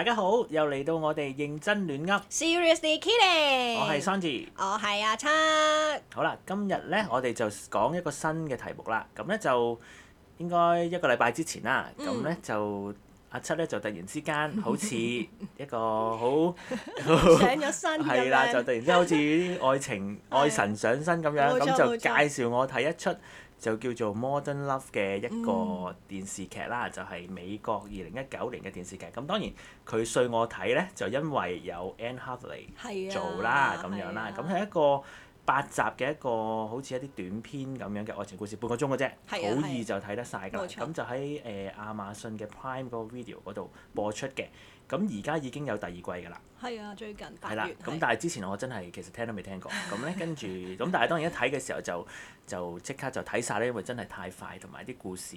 大家好，又嚟到我哋認真亂噏，seriously kidding 我係 Sandy，我係阿七。好啦，今日呢，我哋就講一個新嘅題目啦。咁呢，就應該一個禮拜之前啦。咁呢，就、mm. 阿七呢，就突然之間好似一個好 上咗身，嘅，係啦，就突然之間好似啲愛情 愛神上身咁樣，咁就介紹我睇一出。就叫做 Modern Love 嘅一個電視劇啦，嗯、就係美國二零一九年嘅電視劇。咁當然佢說我睇咧，就因為有 Anne Hathaway 做啦，咁、啊、樣啦，咁係、啊、一個。八集嘅一個好似一啲短片咁樣嘅愛情故事，半個鐘嘅啫，好的易就睇得晒㗎啦。咁錯就喺誒亞馬遜嘅 Prime 個 video 嗰度播出嘅。咁而家已經有第二季㗎啦。係啊，最近八月。係啦。咁的的但係之前我真係其實聽都未聽過。咁咧跟住，咁但係當然一睇嘅時候就就即刻就睇晒咧，因為真係太快同埋啲故事。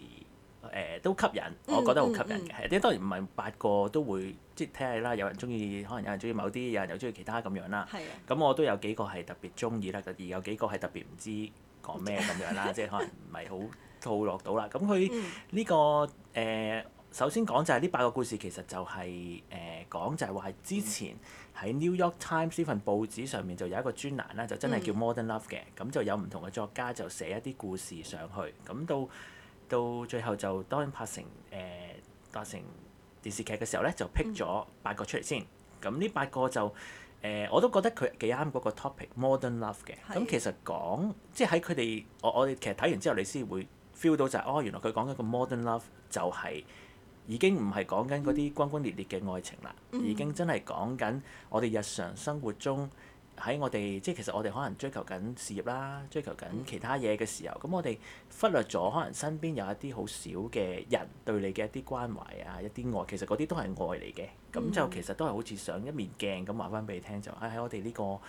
誒、呃、都吸引，嗯、我覺得好吸引嘅。係啲、嗯嗯、當然唔係八個都會，即係睇下啦。有人中意，可能有人中意某啲，有人又中意其他咁樣啦。係啊。咁是的 我都有幾個係特別中意啦，而有幾個係特別唔知講咩咁樣啦，即係可能唔係好套落到啦。咁佢呢個誒，嗯、首先講就係呢八個故事其實就係誒講就係話之前喺 New York Times 呢份報紙上面就有一個專欄啦，就真係叫 Modern Love 嘅。咁、嗯嗯、就有唔同嘅作家就寫一啲故事上去。咁到到最後就當然拍成誒、呃、拍成電視劇嘅時候咧，就 pick 咗八個出嚟先。咁呢八個就誒、呃、我都覺得佢幾啱嗰個 topic Modern Love 嘅。咁是其實講即係喺佢哋我我哋其實睇完之後，你先會 feel 到就係、是、哦，原來佢講緊個 Modern Love 就係已經唔係講緊嗰啲轟轟烈烈嘅愛情啦，嗯、已經真係講緊我哋日常生活中。喺我哋即係其實我哋可能追求緊事業啦，追求緊其他嘢嘅時候，咁、嗯、我哋忽略咗可能身邊有一啲好少嘅人對你嘅一啲關懷啊，一啲愛，其實嗰啲都係愛嚟嘅。咁、嗯、就其實都係好似上一面鏡咁話翻俾你聽就、這個，喺我哋呢個誒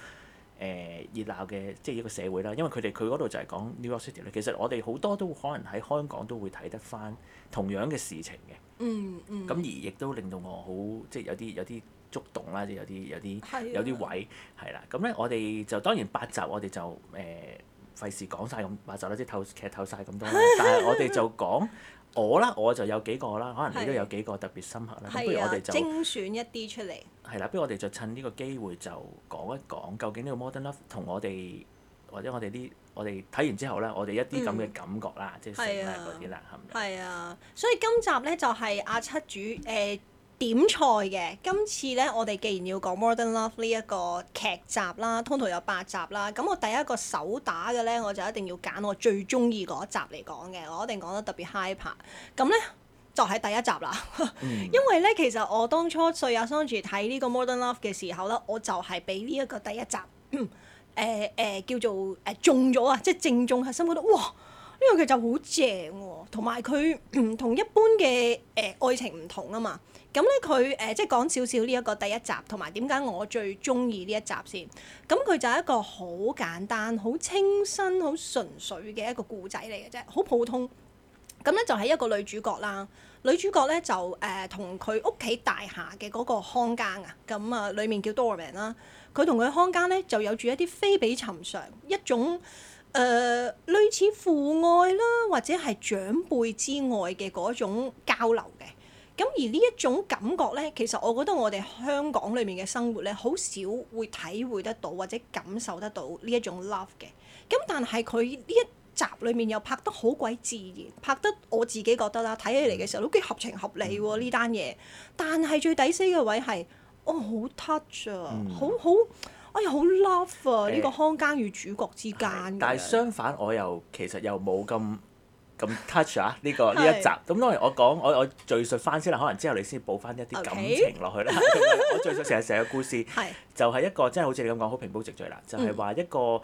熱鬧嘅即係一個社會啦，因為佢哋佢嗰度就係講 New York City。其實我哋好多都可能喺香港都會睇得翻同樣嘅事情嘅、嗯。嗯，咁而亦都令到我好即係有啲有啲。有觸動啦，即有啲有啲有啲位，係啦。咁咧，我哋就當然八集，我哋就誒費事講晒咁八集啦，即係透劇透晒咁多啦。但係我哋就講我啦，我就有幾個啦，可能你都有幾個特別深刻啦。不如我哋就精選一啲出嚟。係啦，不如我哋就趁呢個機會就講一講，究竟呢個 Modern Love 啦，同我哋或者我哋啲我哋睇完之後咧，我哋一啲咁嘅感覺啦，即係成啦嗰啲啦，係咪？係啊，所以今集咧就係阿七主誒。點菜嘅，今次呢，我哋既然要講 Modern Love 呢一、呢個劇集啦，total 有八集啦，咁我第一個手打嘅呢，我就一定要揀我最中意嗰一集嚟講嘅，我一定講得特別 high 拍。咁呢，就喺、係、第一集啦， 嗯、因為呢，其實我當初去 Amazon 睇呢個 Modern Love 嘅時候呢，我就係俾呢一個第一集，呃呃、叫做誒、呃、中咗啊，即係正中核心度，哇！呢樣佢就好正喎，同埋佢唔同一般嘅誒、呃、愛情唔同啊嘛。咁咧佢誒即係講少少呢一個第一集，同埋點解我最中意呢一集先。咁、嗯、佢就係一個好簡單、好清新、好純粹嘅一個故仔嚟嘅啫，好普通。咁、嗯、咧就係、是、一個女主角啦。女主角咧就誒同佢屋企大廈嘅嗰個看更啊，咁啊裏面叫 Doorman 啦。佢同佢看更咧就有住一啲非比尋常一種。誒、呃、類似父愛啦，或者係長輩之外嘅嗰種交流嘅。咁而呢一種感覺呢，其實我覺得我哋香港裏面嘅生活呢，好少會體會得到或者感受得到呢一種 love 嘅。咁但係佢呢一集裡面又拍得好鬼自然，拍得我自己覺得啦，睇起嚟嘅時候都幾合情合理喎呢單嘢。但係最抵死嘅位係，哦，好 touch 啊，好、嗯、好。好哎呀，好 love 啊！呢、呃、個看更與主角之間，但係相反，我又其實又冇咁。咁 touch 啊呢個呢一集，咁當然我講我我敍述翻先啦，可能之後你先補翻一啲感情落去啦。我敍述成日成個故事，就係一個即係好似你咁講好平鋪直敍啦，就係話一個誒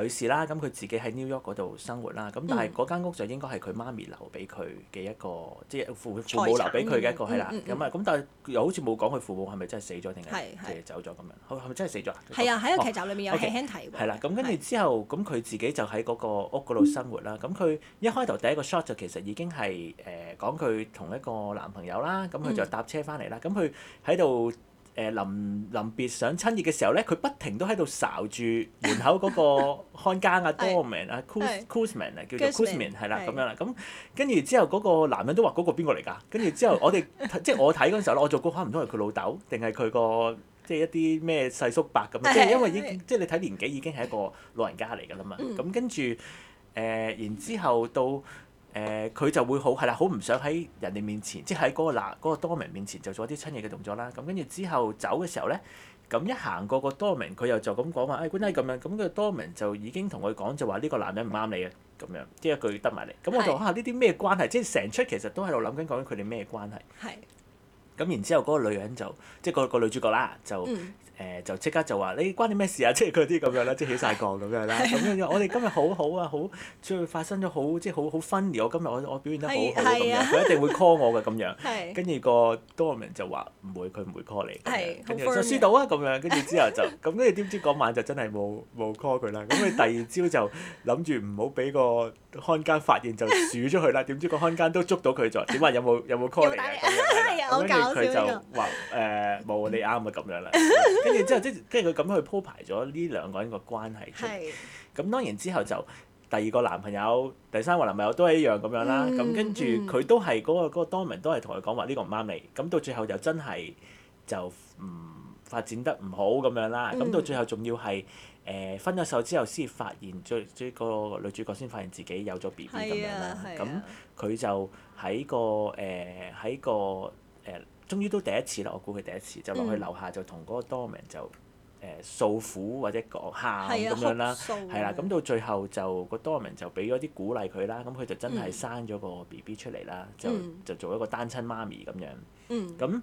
女士啦，咁佢自己喺 New York 嗰度生活啦，咁但係嗰間屋就應該係佢媽咪留俾佢嘅一個，即係父父母留俾佢嘅一個係啦。咁啊咁，但係又好似冇講佢父母係咪真係死咗定係其實走咗咁樣，係係咪真係死咗？係啊，喺個劇集裏面有輕輕提。係啦，咁跟住之後，咁佢自己就喺嗰個屋嗰度生活啦。咁佢一開頭。第一個 shot 就其實已經係誒講佢同一個男朋友啦，咁佢就搭車翻嚟啦。咁佢喺度誒臨臨別想親熱嘅時候咧，佢不停都喺度睄住門口嗰個看家啊，doorman 啊，coo s m a n 叫做 coosman 係啦咁樣啦。咁跟住之後嗰個男人都話：嗰個邊個嚟㗎？跟住之後我哋即係我睇嗰陣時候咧，我仲估唔通係佢老豆，定係佢個即係一啲咩細叔伯咁。即係因為已經即係你睇年紀已經係一個老人家嚟㗎啦嘛。咁跟住。誒、呃，然之後到誒，佢、呃、就會好係啦，好唔想喺人哋面前，即係喺嗰個男嗰、那個 doorman 面前就做一啲親嘢嘅動作啦。咁跟住之後走嘅時候咧，咁一行過個 doorman，佢又就咁講話，誒官仔咁樣。咁個 doorman 就已經同佢講，就話呢個男人唔啱你嘅咁樣，即係一句得埋嚟。咁我就話呢啲咩關係？即係成出其實都喺度諗緊講緊佢哋咩關係。係是。咁然之後嗰個女人就即係個個女主角啦，就。嗯誒就即刻就話你關你咩事啊？即係佢啲咁樣啦，即起晒槓咁樣啦。咁樣我哋今日好好啊，好即係發生咗好即係好好 funny。我今日我我表現得好好咁樣，佢一定會 call 我嘅咁樣。跟住個 Doorman 就話唔會，佢唔會 call 你。係。跟住就輸到啊咁樣，跟住之後就咁。跟住點知嗰晚就真係冇冇 call 佢啦。咁佢第二朝就諗住唔好俾個看更發現就鼠咗佢啦。點知個看更都捉到佢咗，點話有冇有冇 call 你啊？係啊，好搞笑咁。跟住佢就話誒冇你啱啊咁樣啦。跟住之後，即跟住佢咁去鋪排咗呢兩個人個關係出嚟。咁是當然之後就第二個男朋友、第三個男朋友都係一樣咁樣啦。咁跟住佢都係嗰個嗰個 Doorman 都係同佢講話呢個唔啱你。咁到最後就真係就唔、嗯、發展得唔好咁樣啦。咁、嗯、到最後仲要係誒、呃、分咗手之後，先發現最最個女主角先發現自己有咗 B B 咁樣啦。咁佢、啊、就喺個誒喺、呃、個誒。呃呃終於都第一次啦，我估佢第一次就落去樓下就同嗰個 doorman 就誒訴、嗯呃、苦或者講喊咁樣啦，係啦、啊，咁、嗯、到最後就、個 doorman 就俾咗啲鼓勵佢啦，咁佢就真係生咗個 B B 出嚟啦、嗯，就就做一個單親媽咪咁樣，咁、嗯、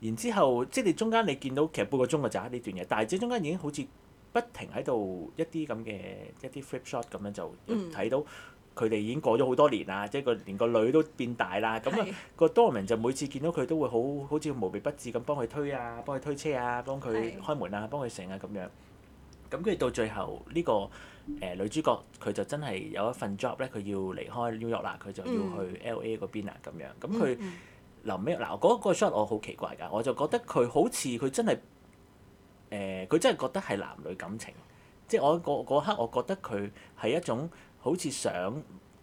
然之後即係你中間你見到其實半個鐘嘅就喺呢段嘢，但係即中間已經好似不停喺度一啲咁嘅一啲 flip shot 咁樣就睇到。嗯佢哋已經過咗好多年啦，即係個連個女都變大啦，咁啊是的 個 Doorman 就每次見到佢都會好好似無微不至咁幫佢推啊，幫佢推車啊，幫佢開門啊，幫佢醒啊咁樣。咁、嗯、佢、嗯、到最後呢、呢個誒、呃、女主角佢就真係有一份 job 咧，佢要離開 New York 啦，佢就要去 LA 嗰邊啊咁樣。咁佢臨尾嗱嗰個 shot 我好奇怪㗎，我就覺得佢好似佢真係誒，佢、呃、真係覺得係男女感情，即係我嗰刻我覺得佢係一種。好似想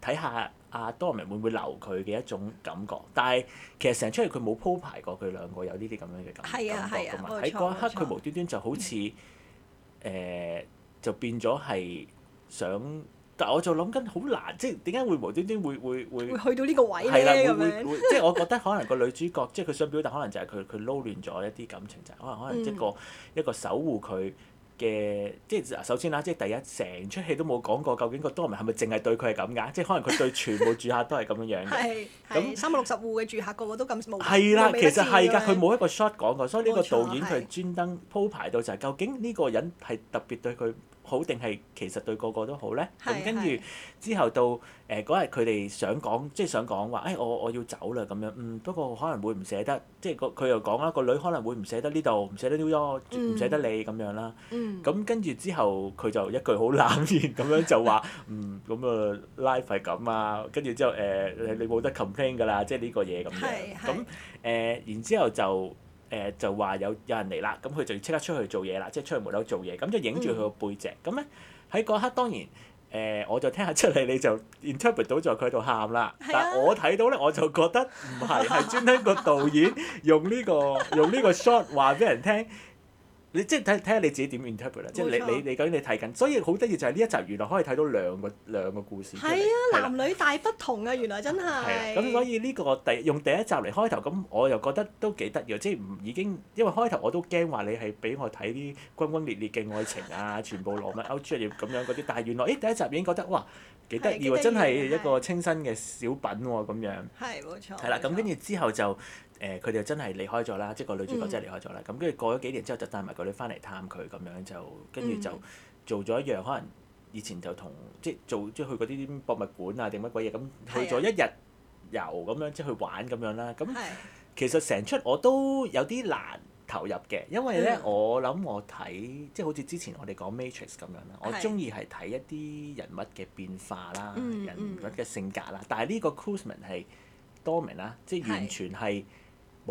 睇下阿、啊、多明會唔會留佢嘅一種感覺，但係其實成日出嚟佢冇鋪排過佢兩個有呢啲咁樣嘅感覺。係啊係啊，喺嗰一刻佢錯無端端就好似誒、嗯呃、就變咗係想，但係我就諗緊好難，即係點解會無端端會會會，會去到呢個位咧？係啦，會會會， 即係我覺得可能個女主角即係佢想表達，可能就係佢佢撈亂咗一啲感情，就係、是、可能可能一個一個守護佢。嗯嘅即係首先啦，即係第一，成出戲都冇講過，究竟個 doorman 係咪淨係對佢係咁㗎？即係 可能佢對全部住客都係咁樣樣嘅。咁三百六十戶嘅住客個個都咁無。係啦的，其實係㗎，佢冇一個 shot 講過，所以呢個導演佢專登鋪排到就係究竟呢個人係特別對佢。好定係其實對個個都好咧，咁跟住之後到誒嗰日佢哋想講，即係想講話，誒、哎、我我要走啦咁樣，嗯不過可能會唔捨得，即係個佢又講啦，個女可能會唔捨得呢度，唔捨得 New York，唔捨得你咁樣啦，咁跟住之後佢就一句好冷然咁樣就話，嗯咁啊 life 係咁啊，跟住之後誒、呃、你你冇得 complain 㗎啦，即係呢個嘢咁樣，咁誒、呃、然之後就。誒、呃、就話有有人嚟啦，咁佢就即刻出去做嘢啦，即係出去門口做嘢，咁就影住佢個背脊。咁咧喺嗰刻當然誒、呃，我就聽下出嚟你就 interpret、啊、到咗佢度喊啦，但係我睇到咧我就覺得唔係，係專登個導演用呢、呢個 用呢個 shot 話俾人聽。你即係睇睇下你自己點 interpret 咧，沒錯 即係你你究竟你睇緊，所以好得意就係呢一集原來可以睇到兩個兩個故事。係啊，男女大不同啊，原來真係。咁、啊、所以呢個第用第一集嚟開頭，咁我又覺得都幾得意啊，即係唔已經因為開頭我都驚話你係俾我睇啲轟轟烈烈嘅愛情啊，全部羅密歐茱麗葉咁樣嗰啲，但係原來第一集已經覺得哇幾得意喎，啊、真係一個清新嘅小品喎、啊、咁樣。係冇錯。係啦、啊，咁跟住之後就。誒佢就真係離開咗啦，即係個女主角真係離開咗啦。咁跟住過咗幾年之後，就帶埋個女返嚟探佢咁樣就，跟住就做咗一樣可能以前就同即係做即係去嗰啲博物館啊定乜鬼嘢咁，去咗一日遊咁樣即係去玩咁樣啦。咁其實成出我都有啲難投入嘅，因為咧我諗我睇即係好似之前我哋講 Matrix 咁樣啦，我中意係睇一啲人物嘅變化啦，人物嘅性格啦。但係呢個 c u s m a n 係多 o 啦，即係完全係。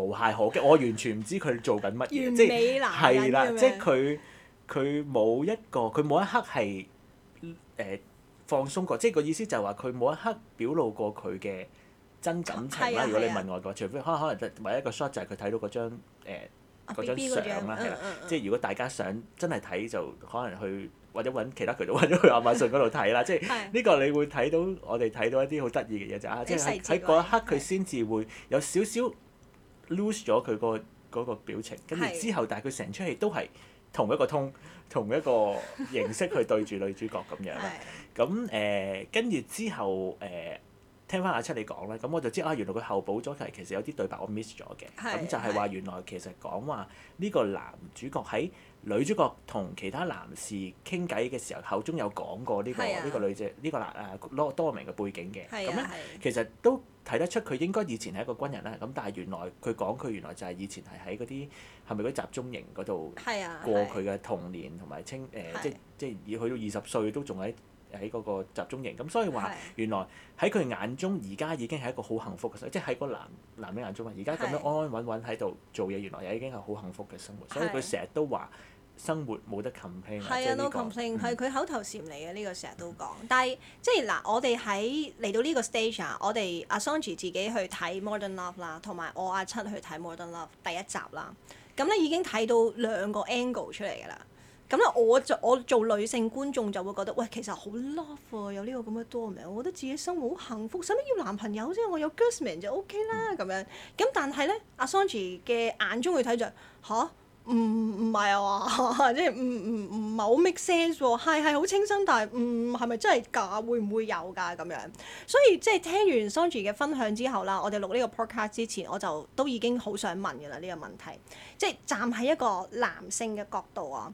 無懈可擊，我完全唔知佢做緊乜嘢，即係係啦，即係佢佢冇一個佢冇一刻係誒放鬆過，即係個意思就係話佢冇一刻表露過佢嘅真感情啦。如果你問我嘅話，除非可能可能就唯一一個 shot 就係佢睇到嗰張誒張相啦，係啦，即係如果大家想真係睇就可能去或者揾其他渠道或者去亞馬遜嗰度睇啦。即係呢個你會睇到我哋睇到一啲好得意嘅嘢就啊，即係喺嗰一刻佢先至會有少少。lose 咗佢個嗰個表情，跟住之後，但係佢成出戲都係同一個通，同一個形式去對住女主角咁樣， 是的 樣。咁、呃、誒，跟住之後誒、呃，聽翻阿七你講咧，咁我就知啊，原來佢後補咗，其實有啲對白我 miss 咗嘅。咁是的 就係話原來其實講話呢個男主角喺女主角同其他男士傾偈嘅時候，口中有講過呢、呢個呢是的 個女仔呢、呢個男啊多多名嘅背景嘅。咁咧，其實都。睇得出佢應該以前係一個軍人啦，咁但係原來佢講佢原來就係以前係喺嗰啲係咪嗰啲集中營嗰度過佢嘅童年同埋青誒，即即係已去到二十歲都仲喺喺嗰個集中營，咁、嗯、所以話原來喺佢眼中而家已經係一個好幸福嘅，即係喺個男男人眼中話，而家咁樣安安穩穩喺度做嘢，原來已經係好幸福嘅生活，所以佢成日都話。生活冇得 complain 係啊，no complain 係佢口頭禪嚟嘅，呢個成日都講。但係即係嗱，我哋喺嚟到呢個 stage 啊，我哋阿 Songi 自己去睇 Modern Love 啦，同埋我阿七去睇 Modern Love 第一集啦。咁咧已經睇到兩個 angle 出嚟㗎啦。咁咧我就我做女性觀眾就會覺得，喂，其實好 love 啊，有呢個咁嘅 drama 我覺得自己生活好幸福，使乜要男朋友啫？我有 girlfriend 就 OK 啦咁樣。咁但係咧，阿 Songi 嘅眼中去睇著嚇。唔唔係啊，即係唔唔唔，冇 make sense 喎。係係好清新，但係唔係咪真係假？會唔會有㗎咁樣？所以即係聽完 Songi 嘅分享之後啦，我哋錄呢個 podcast 之前，我就都已經好想問㗎啦呢個問題。即係站喺一個男性嘅角度啊。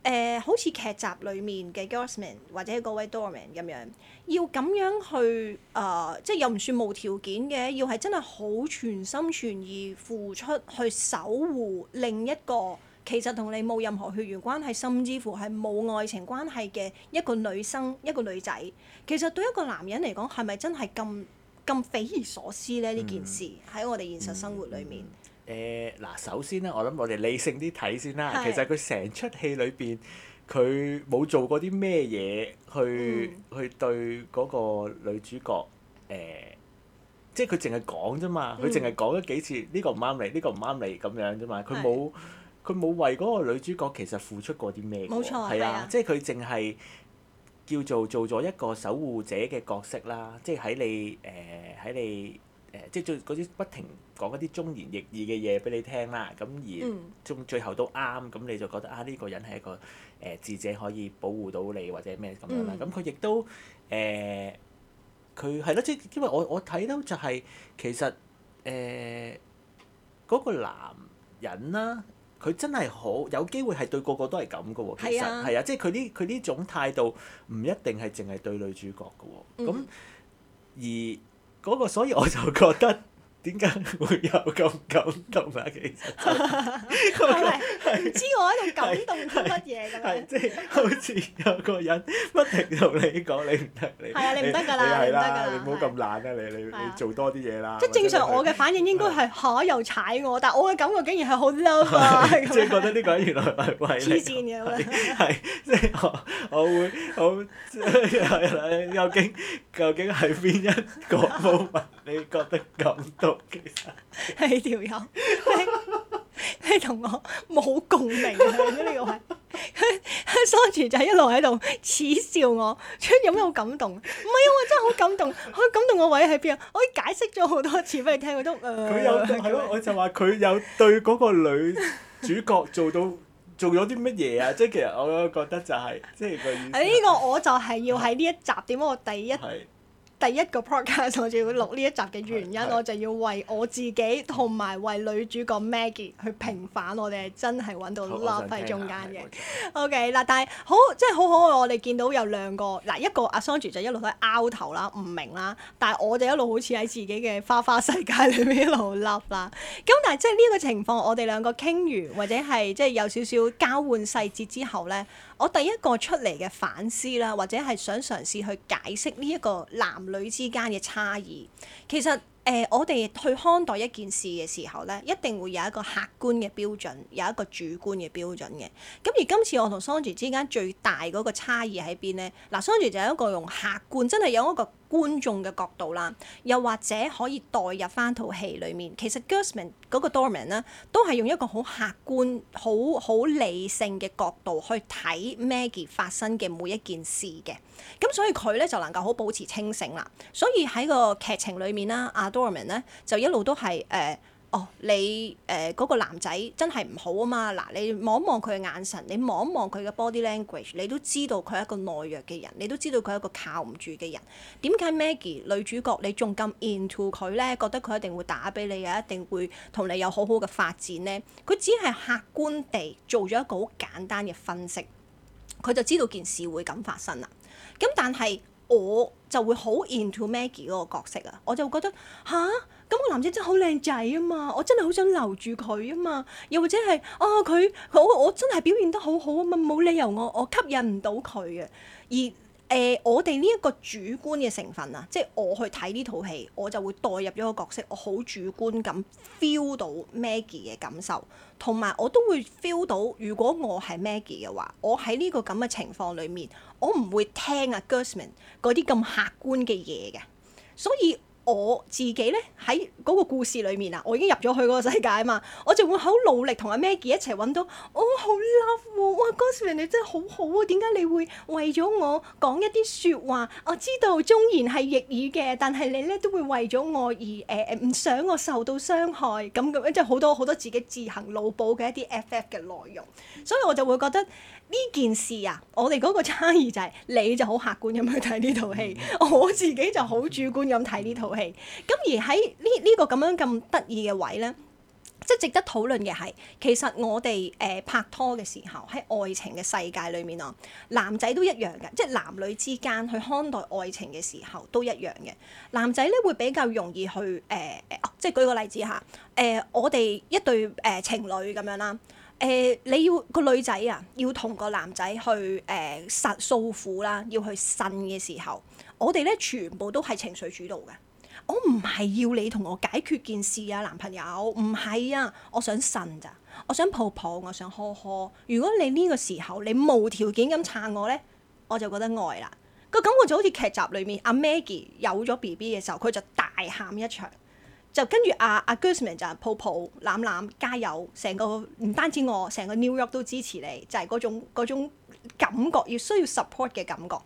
誒、呃，好似劇集裏面嘅 Gosman 或者嗰位 Dorman 咁樣，要咁樣去誒、呃，即係又唔算無條件嘅，要係真係好全心全意付出去守護另一個其實同你冇任何血緣關係，甚至乎係冇愛情關係嘅一個女生，一個女仔。其實對一個男人嚟講，係咪真係咁咁匪夷所思呢？呢件事喺我哋現實生活裏面。嗯嗯誒嗱、呃，首先咧，我諗我哋理性啲睇先啦。係其實佢成出戲裏邊，佢冇做過啲咩嘢去去、嗯、對嗰個女主角誒、呃，即係佢淨係講啫嘛。佢淨係講咗幾次呢、呢個唔啱你，呢、呢個唔啱你咁樣啫嘛。佢冇佢冇為嗰個女主角其實付出過啲咩？冇錯，係啊，即係佢淨係叫做做咗一個守護者嘅角色啦。即係喺你誒喺你。呃誒，即係嗰啲不停講一啲忠言逆耳嘅嘢俾你聽啦，咁而終最後都啱，咁你就覺得啊，呢、這個人係一個誒、呃、智者，可以保護到你或者咩咁樣啦。咁佢亦都誒，佢係咯，即係、就是、因為我我睇到就係、是、其實誒嗰、呃那個男人啦，佢真係好有機會係對個個都係咁噶喎。其實係啊，即係佢呢佢呢種態度唔一定係淨係對女主角噶喎。咁、嗯、哼而嗰個，所以我就覺得。 點解會有咁感動啊？其實唔知我喺度感動乜嘢咁樣？即係好似有個人不停同你講：你唔得，你係啊，你唔得㗎啦！你係啦，你唔好咁懶啊！你你你做多啲嘢啦！即係正常，我嘅反應應該係嚇，又踩我！但係我嘅感覺竟然係好嬲啊！即係覺得呢個人原來係黐線嘅。係即係我我會我即係係啦。究竟究竟係邊一個 moment 你覺得感動？係條友，係同我冇共鳴啊！呢 個位，佢佢 Songi 就係一路喺度恥笑我，出有咩好感動？唔係啊，我真係好感動，好感動個位喺邊啊？我解釋咗好多次俾你聽，佢都誒。佢有係咯？我就話佢有對嗰個女主角做到做咗啲乜嘢啊！即係其實我覺得就係即係個意思。誒呢個我就係要喺呢一集點解我第一、嗯？第一個 podcast r 我就要錄呢一集嘅原因， 我就要為我自己同埋為女主角 Maggie 去平反， 我哋係真係揾到 love 喺 中間嘅。 OK 嗱，但係好即係好可愛，我哋見到有兩個嗱，一個阿桑 a 就一路喺拗頭啦，唔明啦，但係我哋一路好似喺自己嘅花花世界裏面一路 love 啦。咁但係即係呢個情況，我哋兩個傾完或者係即係有少少交換細節之後咧。我第一個出嚟嘅反思啦，或者係想嘗試去解釋呢一個男女之間嘅差異。其實誒、呃，我哋去看待一件事嘅時候咧，一定會有一個客觀嘅標準，有一個主觀嘅標準嘅。咁而今次我同 Songi 之間最大嗰個差異喺邊咧？嗱，Songi 就係一個用客觀，真係有一個。觀眾嘅角度啦，又或者可以代入翻套戲裡面，其實 Gosman 嗰個 Dorman 呢，都係用一個好客觀、好好理性嘅角度去睇 Maggie 發生嘅每一件事嘅，咁所以佢呢，就能夠好保持清醒啦。所以喺個劇情裡面啦，阿、啊、Dorman 呢，就一路都係誒。呃哦，你誒嗰、呃嗰個男仔真係唔好啊嘛！嗱，你望一望佢嘅眼神，你望一望佢嘅 body language，你都知道佢係一個懦弱嘅人，你都知道佢係一個靠唔住嘅人。點解 Maggie 女主角你仲咁 into 佢咧？覺得佢一定會打俾你啊，一定會同你有好好嘅發展咧？佢只係客觀地做咗一個好簡單嘅分析，佢就知道件事會咁發生啦。咁但係我就會好 into Maggie 嗰個角色啊，我就覺得嚇。咁個男仔真係好靚仔啊嘛！我真係好想留住佢啊嘛！又或者係啊，佢我我真係表現得好好啊嘛！冇理由我我吸引唔到佢嘅。而誒、呃，我哋呢一個主觀嘅成分啊，即係我去睇呢套戲，我就會代入咗個角色，我好主觀咁 feel 到 Maggie 嘅感受，同埋我都會 feel 到，如果我係 Maggie 嘅話，我喺呢個咁嘅情況裏面，我唔會聽啊 Gosman 嗰啲咁客觀嘅嘢嘅，所以。我自己咧，喺嗰個故事裏面啊，我已經入咗去個世界啊嘛，我就會好努力同阿 Maggie 一齊揾到哦好、oh, oh, love 喎！哇，嗰時人哋真係好好啊，點解你會為咗我講一啲說話？我知道忠言係逆耳嘅，但係你咧都會為咗我而誒誒唔想我受到傷害咁咁，即係好多好多自己自行腦補嘅一啲 FF 嘅內容，所以我就會覺得呢件事啊，我哋個差異就係、是、你就好客觀咁去睇呢套戲，我自己就好主觀咁睇呢套戲。咁、okay. 而喺呢呢個咁樣咁得意嘅位咧，即係值得討論嘅係，其實我哋誒拍拖嘅時候喺愛情嘅世界裏面啊，男仔都一樣嘅，即係男女之間去看待愛情嘅時候都一樣嘅。男仔咧會比較容易去誒，即、呃、係、哦、舉個例子嚇誒、呃，我哋一對誒情侶咁樣啦，誒、呃、你要個女仔啊，要同個男仔去誒訴、呃、訴苦啦，要去呻嘅時候，我哋咧全部都係情緒主導嘅。我唔係要你同我解決件事啊，男朋友，唔係啊，我想呻咋，我想抱抱，我想呵呵。如果你呢個時候你無條件咁撐我呢，我就覺得愛啦。這個感覺就好似劇集裏面阿、啊、Maggie 有咗 BB 嘅時候，佢就大喊一場，就跟住阿阿 Gusman 就抱抱攬攬加油，成個唔單止我，成個 New York 都支持你，就係嗰種嗰種。感覺要需要 support 嘅感覺，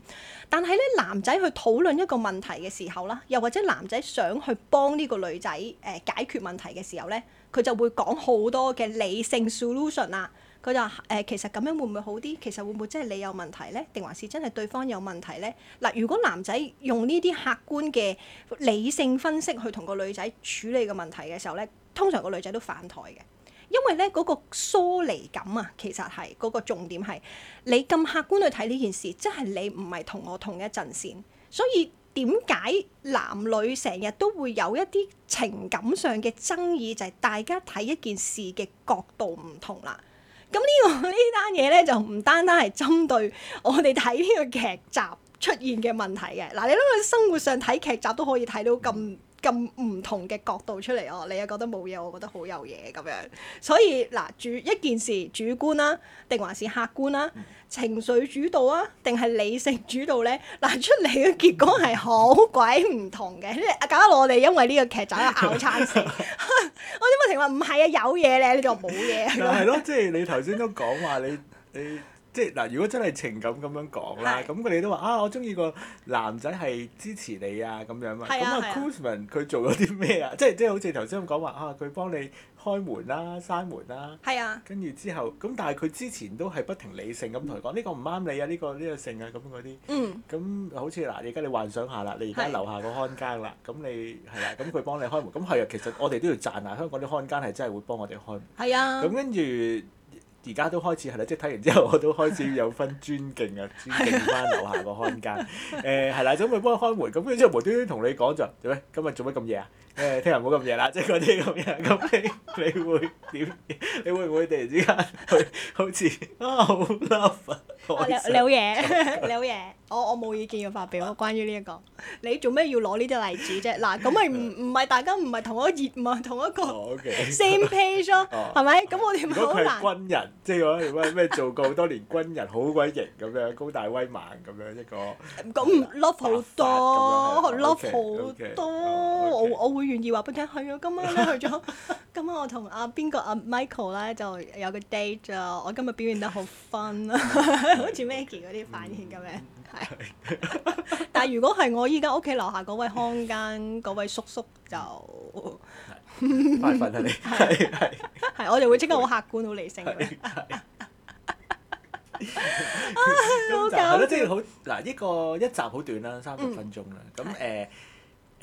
但係咧男仔去討論一個問題嘅時候啦，又或者男仔想去幫呢個女仔誒、呃、解決問題嘅時候咧，佢就會講好多嘅理性 solution 啦。佢就話誒、呃、其實咁樣會唔會好啲？其實會唔會真係你有問題咧？定還是真係對方有問題咧？嗱、呃，如果男仔用呢啲客觀嘅理性分析去同個女仔處理個問題嘅時候咧，通常個女仔都反台嘅。因為咧嗰個疏離感啊，其實係嗰個重點係你咁客觀去睇呢件事，即係你唔係同我同一陣線，所以點解男女成日都會有一啲情感上嘅爭議，就係大家睇一件事嘅角度唔同啦。咁呢個呢單嘢咧就唔單單係針對我哋睇呢個劇集出現嘅問題嘅，嗱，你諗下生活上睇劇集都可以睇到咁。咁唔同嘅角度出嚟哦，你又覺得冇嘢，我覺得好有嘢咁樣。所以嗱，主一件事主觀啦、啊，定還是客觀啦、啊，嗯、情緒主導啊，定係理性主導咧？嗱，出嚟嘅結果係好鬼唔同嘅。即係搞到我哋因為呢個劇集嘅拗撐， 我點解成日話唔係啊，有嘢咧，你就冇嘢。但係咯，即係你頭先都講話你你。你即係嗱，如果真係情感咁樣講啦，咁佢哋都話啊，我中意個男仔係支持你啊，咁樣嘛。咁啊 Cousman 佢做咗啲咩啊？即係即係好似頭先咁講話啊，佢幫你開門啦、閂門啦。係啊。跟住、啊啊、之後，咁但係佢之前都係不停理性咁同佢講，呢、呢個唔啱你啊，呢、呢個呢、呢個性、呢個、啊，咁嗰啲。嗯。咁好似嗱，你而家你幻想下啦，你而家樓下個看更啦，咁、啊、你係啦，咁佢、啊、幫你開門，咁係啊，其實我哋都要讚下香港啲看更係真係會幫我哋開門。係啊。咁跟住。而家都開始係啦，即係睇完之後，我都開始有分尊敬啊，尊敬翻樓下個看更。誒係啦，咁咪幫我開門，咁跟住無端端同你講就做咩？今日做乜咁夜啊？誒聽日唔好咁夜啦，即係嗰啲咁樣，咁你你會點？你會唔會突然之間去好似啊好 love 啊？你你好嘢，你好嘢，我我冇意見要發表咯。關於呢一個，你做咩要攞呢啲例子啫？嗱，咁咪唔唔係大家唔係同一頁，唔係同一個。O K。Same page 咯，係咪？咁我哋好難。如果佢係軍人，即係話咩咩做過好多年軍人，好鬼型咁樣，高大威猛咁樣一個。咁 love 好多，love 好多，我我會。我願意話俾你聽，去咗今晚咧，去咗今晚我同阿邊個阿 Michael 咧就有個 date，我今日表現得 un, 好 fun 啊，好似 Maggie 嗰啲反應咁樣。係、嗯，是 但係如果係我依家屋企樓下嗰位看更嗰位叔叔就係快瞓啊你係係是 我哋會即刻好客觀好理性。係 哎，好搞係咯，即係好嗱，呢、就是這個一集好短啦，三十分鐘啦，咁誒、嗯。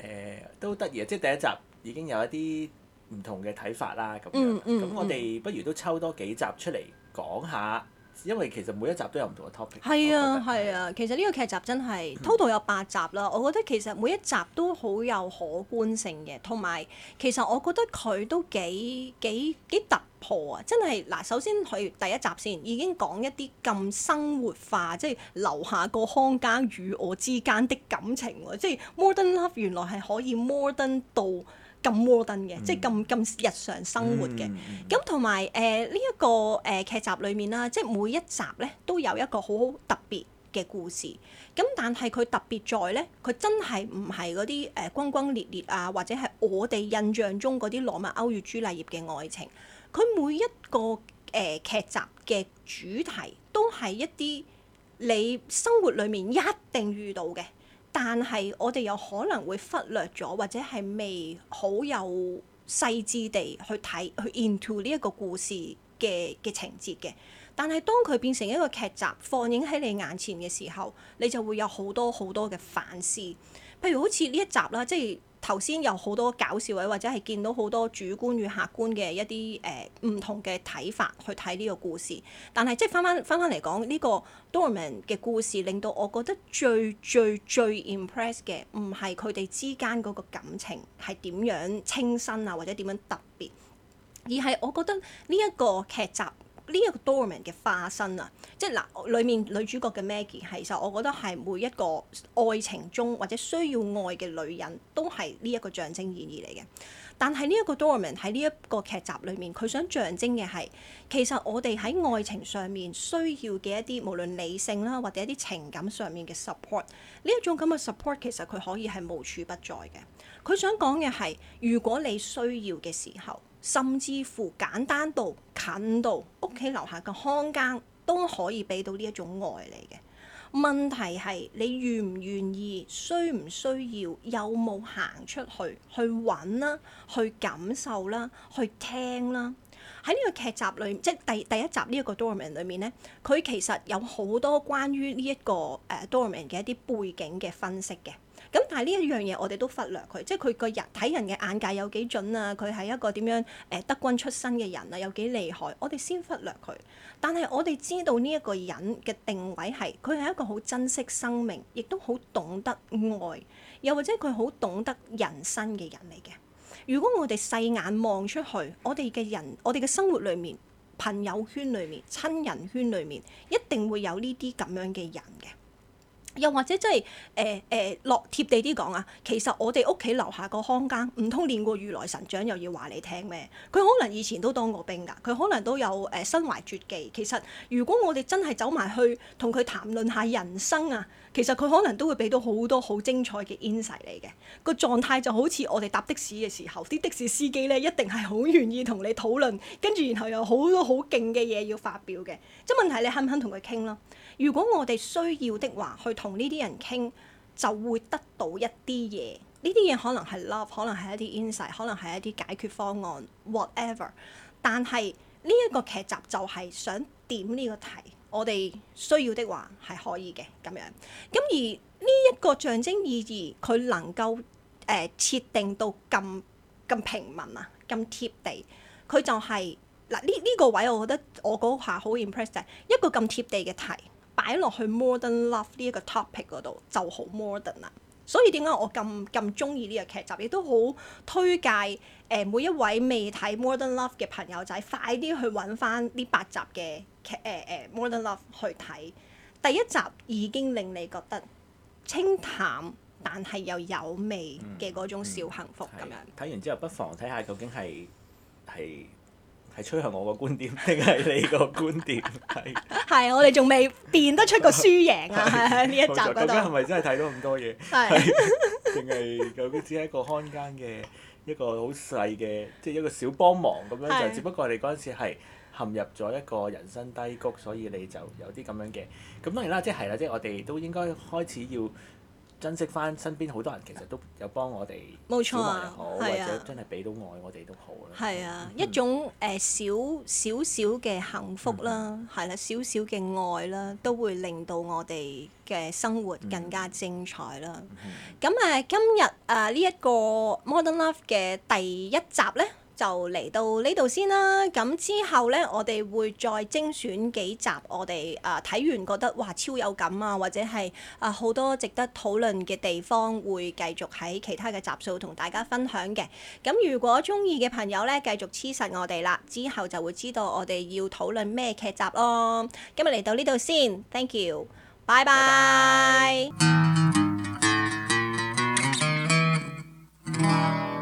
誒、呃、都得意，即係第一集已經有一啲唔同嘅睇法啦，咁樣。咁、嗯嗯、我哋不如都抽多幾集出嚟講下，因為其實每一集都有唔同嘅 topic。係啊，係啊，其實呢個劇集真係 total 有八集啦。我覺得其實每一集都好有可觀性嘅，同埋其實我覺得佢都幾幾幾特別。破啊！真係嗱，首先佢第一集先已經講一啲咁生活化，即係樓下個看更與我之間的感情，即係 modern love 原來係可以 modern 到咁 modern 嘅，嗯、即係咁咁日常生活嘅。咁同埋誒呢一個誒、呃、劇集裡面啦，即係每一集咧都有一個好特別嘅故事。咁但係佢特別在咧，佢真係唔係嗰啲誒轟轟烈烈啊，或者係我哋印象中嗰啲羅密歐與朱麗葉嘅愛情。佢每一個誒、呃、劇集嘅主題都係一啲你生活裡面一定遇到嘅，但係我哋有可能會忽略咗，或者係未好有細緻地去睇去 into 呢一個故事嘅嘅情節嘅。但係當佢變成一個劇集放映喺你眼前嘅時候，你就會有好多好多嘅反思。譬如好似呢一集啦，即係。頭先有好多搞笑位，或者係見到好多主觀與客觀嘅一啲誒唔同嘅睇法去睇呢個故事。但係即係翻翻翻翻嚟講呢個 Dorman 嘅故事，令到我覺得最最最 impress 嘅唔係佢哋之間嗰個感情係點樣清新啊，或者點樣特別，而係我覺得呢一個劇集。呢一個 Doorman 嘅化身啊，即係嗱，裡面女主角嘅 Maggie 係，其實我覺得係每一個愛情中或者需要愛嘅女人，都係呢一個象徵意義嚟嘅。但係呢一個 Doorman 喺呢一個劇集裏面，佢想象徵嘅係，其實我哋喺愛情上面需要嘅一啲，無論理性啦或者一啲情感上面嘅 support，呢一種咁嘅 support 其實佢可以係無處不在嘅。佢想講嘅係，如果你需要嘅時候。甚至乎簡單到近到屋企樓下嘅看更都可以俾到呢一種愛嚟嘅。問題係你願唔願意、需唔需要、有冇行出去去揾啦、去感受啦、去聽啦。喺呢個劇集裏，即係第第一集呢一個 Doorman 裏面咧，佢其實有好多關於呢一個誒 Doorman 嘅一啲背景嘅分析嘅。咁但係呢一樣嘢，我哋都忽略佢，即係佢個人睇人嘅眼界有幾準啊？佢係一個點樣誒德軍出身嘅人啊？有幾厲害？我哋先忽略佢，但係我哋知道呢一個人嘅定位係，佢係一個好珍惜生命，亦都好懂得愛，又或者佢好懂得人生嘅人嚟嘅。如果我哋細眼望出去，我哋嘅人，我哋嘅生活裏面、朋友圈裏面、親人圈裏面，一定會有呢啲咁樣嘅人嘅。又或者即係誒誒落貼地啲講啊，其實我哋屋企樓下個看更唔通練過如來神掌又要話你聽咩？佢可能以前都當過兵㗎，佢可能都有誒、呃、身懷絕技。其實如果我哋真係走埋去同佢談論下人生啊，其實佢可能都會俾到好多好精彩嘅 insight 嚟嘅。個狀態就好似我哋搭的士嘅時候，啲的士司機咧一定係好願意同你討論，跟住然後有好多好勁嘅嘢要發表嘅。即係問題，你肯唔肯同佢傾咯？如果我哋需要的話，去同呢啲人傾，就會得到一啲嘢。呢啲嘢可能係 love，可能係一啲 insight，可能係一啲解決方案，whatever。但係呢一個劇集就係想點呢個題。我哋需要的話係可以嘅咁樣。咁而呢一個象徵意義，佢能夠誒設定到咁咁平民啊，咁貼地。佢就係嗱呢呢個位，我覺得我嗰下好 impressed，一個咁貼地嘅題。擺落去 love、這個、Modern Love 呢一個 topic 度就好 modern 啦，所以點解我咁咁中意呢個劇集，亦都好推介誒、呃、每一位未睇 Modern Love 嘅朋友仔，快啲去揾翻呢八集嘅劇誒、呃、誒、呃、Modern Love 去睇，第一集已經令你覺得清淡但係又有味嘅嗰種小幸福咁樣。睇、嗯嗯、完之後不妨睇下究竟係係。係吹向我個觀點定係你個觀點？係係， 我哋仲未辨得出個輸贏啊！呢 一集究竟係咪真係睇到咁多嘢？係定係究竟只係一個看更嘅一個好細嘅，即係一個小幫忙咁樣 就。只不過你嗰陣時係陷入咗一個人生低谷，所以你就有啲咁樣嘅。咁當然啦，即係係啦，即係我哋都應該開始要。珍惜翻身邊好多人，其實都有幫我哋，冇錯又好，啊、或者真係俾到愛我哋都好啦。係啊，嗯、一種誒少少少嘅幸福啦，係啦、嗯，少少嘅愛啦，都會令到我哋嘅生活更加精彩啦。咁誒、嗯呃，今日誒呢一個 Modern Love 嘅第一集咧。就嚟到呢度先啦，咁之後呢，我哋會再精選幾集我哋誒睇完覺得哇超有感啊，或者係啊好多值得討論嘅地方，會繼續喺其他嘅集數同大家分享嘅。咁如果中意嘅朋友呢，繼續黐實我哋啦，之後就會知道我哋要討論咩劇集咯。今日嚟到呢度先，Thank you，拜拜。Bye bye。